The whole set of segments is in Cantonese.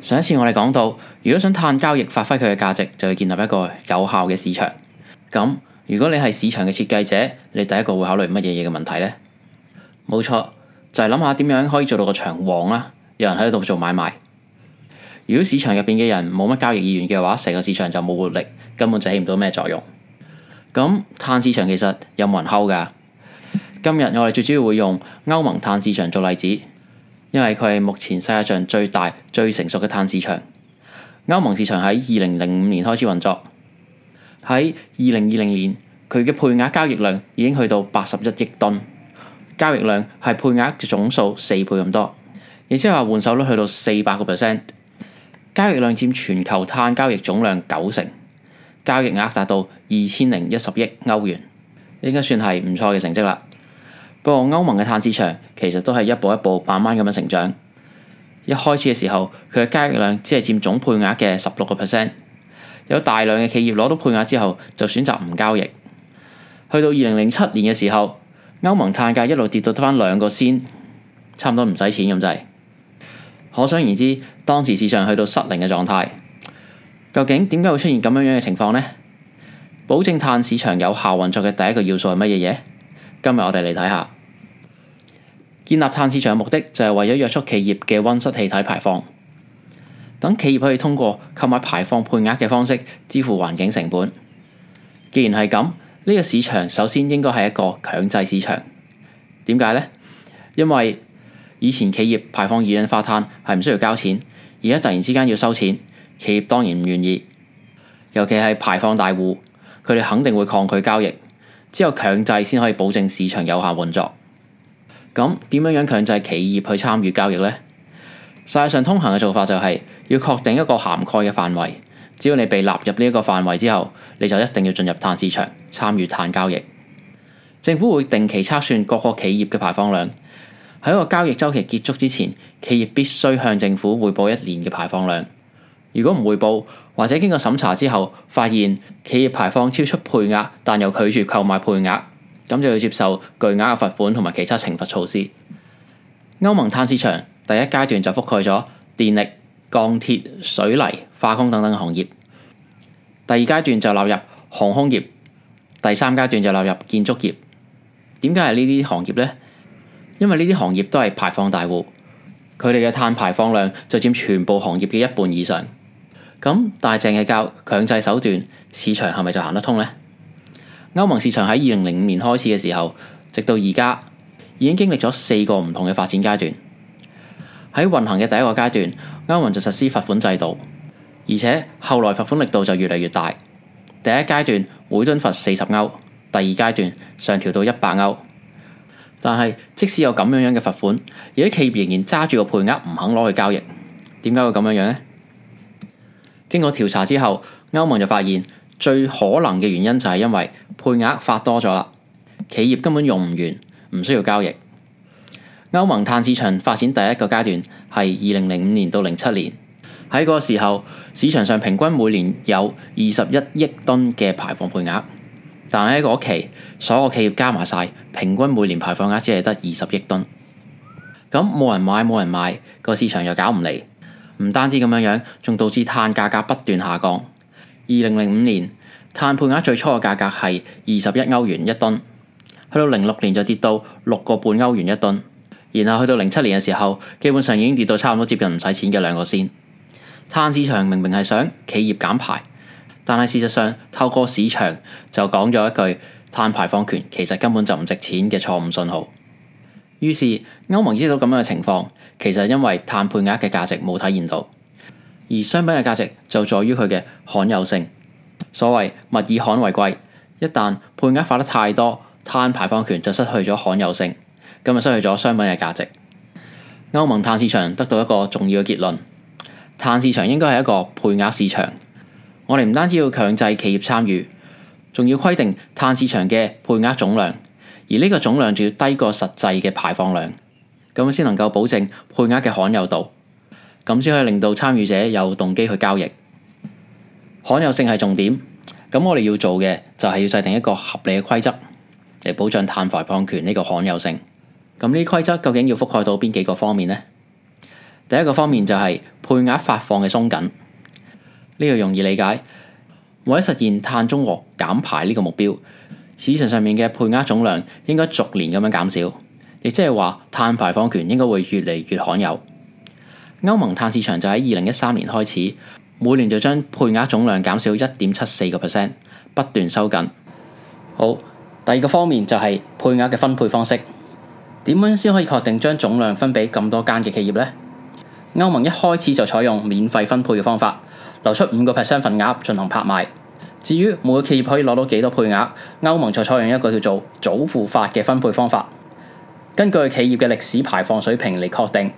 上一次我哋講到，如果想碳交易發揮佢嘅價值，就要建立一個有效嘅市場。咁如果你係市場嘅設計者，你第一個會考慮乜嘢嘢嘅問題呢？冇錯，就係諗下點樣可以做到個場旺啦，有人喺度做買賣。如果市場入邊嘅人冇乜交易意願嘅話，成個市場就冇活力，根本就起唔到咩作用。咁碳市場其實有冇人吼噶？今日我哋最主要會用歐盟碳市場做例子。因為佢係目前世界上最大、最成熟嘅碳市場。歐盟市場喺二零零五年開始運作，喺二零二零年佢嘅配額交易量已經去到八十一億噸，交易量係配額嘅總數四倍咁多，亦即係話換手率去到四百個 percent，交易量佔全球碳交易總量九成，交易額達到二千零一十億歐元，應該算係唔錯嘅成績啦。個歐盟嘅碳市場其實都係一步一步慢慢咁樣成長。一開始嘅時候，佢嘅交易量只係佔總配額嘅十六個 percent。有大量嘅企業攞到配額之後，就選擇唔交易。去到二零零七年嘅時候，歐盟碳價一路跌到得翻兩個仙，差唔多唔使錢咁滯。可想而知，當時市場去到失靈嘅狀態。究竟點解會出現咁樣樣嘅情況呢？保證碳市場有效運作嘅第一個要素係乜嘢嘢？今日我哋嚟睇下。建立碳市場嘅目的就係為咗約束企業嘅温室氣體排放，等企業可以通過購買排放配額嘅方式支付環境成本。既然係咁，呢個市場首先應該係一個強制市場。點解呢？因為以前企業排放二氧化碳係唔需要交錢，而家突然之間要收錢，企業當然唔願意。尤其係排放大戶，佢哋肯定會抗拒交易。只有強制先可以保證市場有效運作。咁點樣樣強制企業去參與交易呢？世界上通行嘅做法就係要確定一個涵蓋嘅範圍，只要你被納入呢一個範圍之後，你就一定要進入碳市場參與碳交易。政府會定期測算各個企業嘅排放量，喺個交易周期結束之前，企業必須向政府匯報一年嘅排放量。如果唔匯報，或者經過審查之後發現企業排放超出配額，但又拒絕購買配額，咁就要接受巨額嘅罰款同埋其他懲罰措施。歐盟碳市場第一階段就覆蓋咗電力、鋼鐵、水泥、化工等等行業，第二階段就納入航空業，第三階段就納入建築業。點解係呢啲行業呢？因為呢啲行業都係排放大戶，佢哋嘅碳排放量就佔全部行業嘅一半以上。咁大淨係靠強制手段，市場係咪就行得通呢？歐盟市場喺二零零五年開始嘅時候，直到而家已經經歷咗四個唔同嘅發展階段。喺運行嘅第一個階段，歐盟就實施罰款制度，而且後來罰款力度就越嚟越大。第一階段每噸罰四十歐，第二階段上調到一百歐。但係即使有咁樣樣嘅罰款，有啲企業仍然揸住個配額唔肯攞去交易。點解會咁樣樣呢？經過調查之後，歐盟就發現。最可能嘅原因就係因為配額發多咗啦，企業根本用唔完，唔需要交易。歐盟碳市場發展第一個階段係二零零五年到零七年，喺嗰時候市場上平均每年有二十一億噸嘅排放配額，但喺嗰期所有企業加埋晒，平均每年排放額只係得二十億噸，咁冇人買冇人賣，個市場又搞唔嚟，唔單止咁樣樣，仲導致碳價格不斷下降。二零零五年碳配額最初嘅價格係二十一歐元一噸，去到零六年就跌到六個半歐元一噸，然後去到零七年嘅時候，基本上已經跌到差唔多接近唔使錢嘅兩個先。碳市場明明係想企業減排，但係事實上透過市場就講咗一句碳排放權其實根本就唔值錢嘅錯誤信號。於是歐盟知道咁樣嘅情況，其實係因為碳配額嘅價值冇體現到。而商品嘅價值就在於佢嘅罕有性，所謂物以罕為貴。一旦配額發得太多，碳排放權就失去咗罕有性，咁就失去咗商品嘅價值。歐盟碳市場得到一個重要嘅結論，碳市場應該係一個配額市場。我哋唔單止要強制企業參與，仲要規定碳市場嘅配額總量，而呢個總量仲要低過實際嘅排放量，咁樣先能夠保證配額嘅罕有度。咁先可以令到參與者有動機去交易，罕有性係重點。咁我哋要做嘅就係要制定一個合理嘅規則，嚟保障碳排放權呢個罕有性。咁呢啲規則究竟要覆蓋到邊幾個方面呢？第一個方面就係配額發放嘅鬆緊，呢個容易理解。為咗實現碳中和減排呢個目標，市場上面嘅配額總量應該逐年咁樣減少，亦即係話碳排放權應該會越嚟越罕有。歐盟碳市場就喺二零一三年開始，每年就將配額總量減少一點七四個 percent，不斷收緊。好，第二個方面就係配額嘅分配方式，點樣先可以確定將總量分俾咁多間嘅企業呢？歐盟一開始就採用免費分配嘅方法，留出五個 percent 份額進行拍賣。至於每個企業可以攞到幾多配額，歐盟就採用一個叫做祖父法嘅分配方法，根據企業嘅歷史排放水平嚟確定。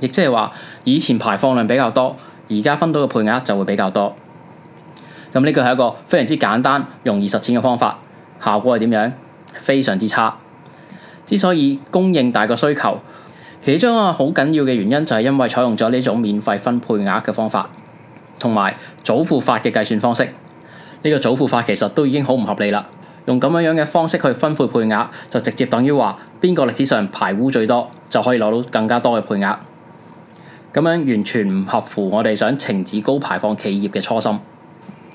亦即係話，以前排放量比較多，而家分到嘅配額就會比較多。咁呢個係一個非常之簡單、容易實踐嘅方法。效果係點樣？非常之差。之所以供應大過需求，其中一個好緊要嘅原因就係因為採用咗呢種免費分配額嘅方法，同埋祖父法嘅計算方式。呢個祖父法其實都已經好唔合理啦。用咁樣樣嘅方式去分配配額，就直接等於話邊個歷史上排污最多就可以攞到更加多嘅配額。咁樣完全唔合乎我哋想停止高排放企業嘅初心。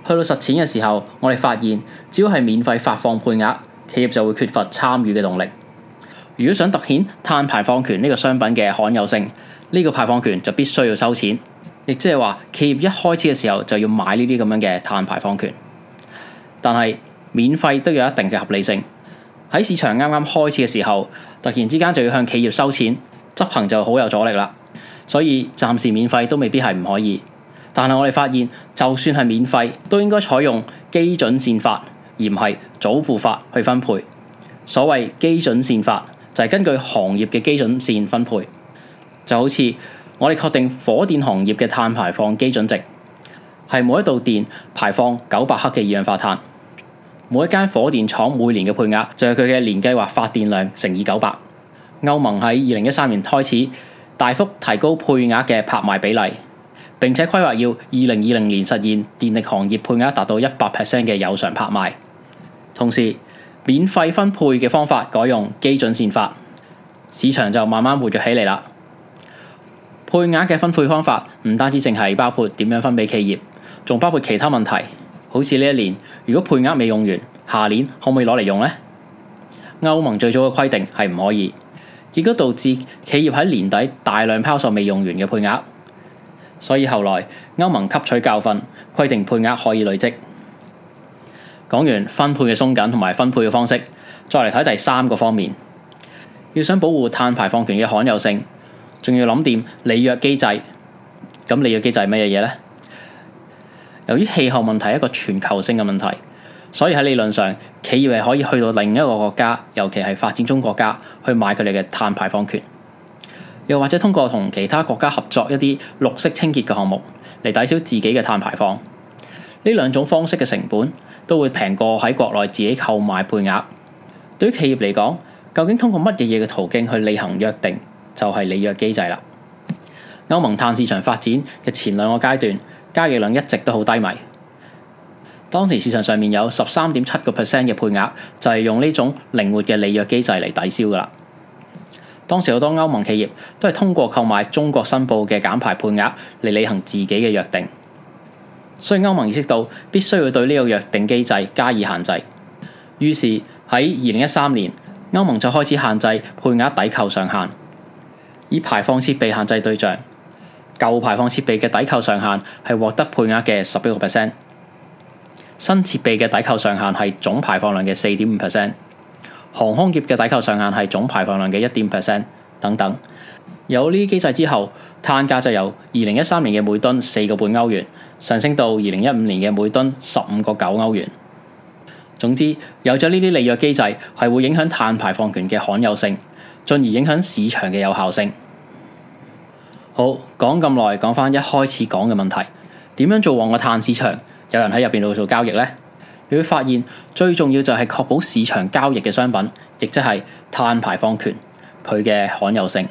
去到實踐嘅時候，我哋發現只要係免費發放配額，企業就會缺乏參與嘅動力。如果想突顯碳排放權呢個商品嘅罕有性，呢個排放權就必須要收錢，亦即係話企業一開始嘅時候就要買呢啲咁樣嘅碳排放權。但係免費都有一定嘅合理性。喺市場啱啱開始嘅時候，突然之間就要向企業收錢，執行就好有阻力啦。所以暫時免費都未必係唔可以，但係我哋發現，就算係免費，都應該採用基準線法，而唔係祖父法去分配。所謂基準線法，就係根據行業嘅基準線分配。就好似我哋確定火電行業嘅碳排放基準值，係每一度電排放九百克嘅二氧化碳。每一間火電廠每年嘅配額就係佢嘅年計劃發電量乘以九百。歐盟喺二零一三年開始，大幅提高配額嘅拍賣比例，並且規劃要二零二零年實現電力行業配額達到一百 percent 嘅有償拍賣，同時免費分配嘅方法改用基準線法，市場就慢慢活躍起嚟啦。配額嘅分配方法唔單止淨係包括點樣分俾企業，仲包括其他問題，好似呢一年如果配額未用完，下年可唔可以攞嚟用呢？歐盟最早嘅規定係唔可以。亦都導致企業喺年底大量拋售未用完嘅配額，所以後來歐盟吸取教訓，規定配額可以累積。講完分配嘅鬆緊同埋分配嘅方式，再嚟睇,第三個方面，要想保護碳排放權嘅罕有性，仲要諗掂履約機制。咁履約機制係咩嘢嘢呢？由於氣候問題係一個全球性嘅問題。所以喺理論上，企業係可以去到另一個國家，尤其係發展中國家，去買佢哋嘅碳排放權，又或者通過同其他國家合作一啲綠色清潔嘅項目嚟抵消自己嘅碳排放。呢兩種方式嘅成本都會平過喺國內自己購買配額。對於企業嚟講，究竟通過乜嘢嘢嘅途徑去履行約定，就係、是、履約機制啦。歐盟碳市場發展嘅前兩個階段，交易量一直都好低迷。當時市場上面有十三點七個 percent 嘅配額，就係用呢種靈活嘅利約機制嚟抵消㗎喇。當時好多歐盟企業都係通過購買中國申報嘅減排配額嚟履行自己嘅約定，所以歐盟意識到必須要對呢個約定機制加以限制。於是喺二零一三年，歐盟就開始限制配額抵扣上限，以排放設備限制對象，舊排放設備嘅抵扣上限係獲得配額嘅十一個 percent。新設備嘅抵扣上限係總排放量嘅四點五 percent，航空業嘅抵扣上限係總排放量嘅一點五 percent 等等。有呢啲機制之後，碳價就由二零一三年嘅每噸四個半歐元上升到二零一五年嘅每噸十五個九歐元。總之，有咗呢啲履約機制，係會影響碳排放權嘅罕有性，進而影響市場嘅有效性。好，講咁耐，講翻一開始講嘅問題，點樣做旺個碳市場？有人喺入邊度做交易咧，你會發現最重要就係確保市場交易嘅商品，亦即係碳排放權，佢嘅罕有性，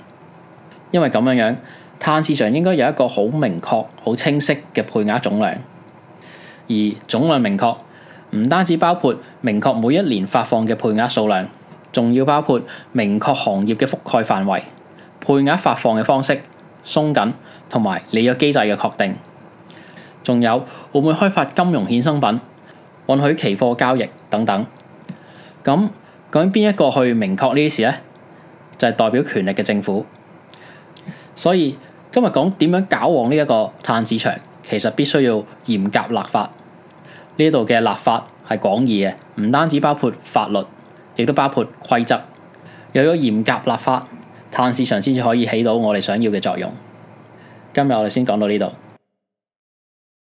因為咁樣樣碳市場應該有一個好明確好清晰嘅配額總量。而總量明確唔單止包括明確每一年發放嘅配額數量，仲要包括明確行業嘅覆蓋範圍配額發放嘅方式、鬆緊同埋履約機制嘅確定。仲有會唔會開發金融衍生品，允許期貨交易等等？咁究竟邊一個去明確呢啲事咧？就係、是、代表權力嘅政府。所以今日講點樣搞旺呢一個碳市場，其實必須要嚴格立法。呢度嘅立法係廣義嘅，唔單止包括法律，亦都包括規則。有咗嚴格立法，碳市場先至可以起到我哋想要嘅作用。今日我哋先講到呢度。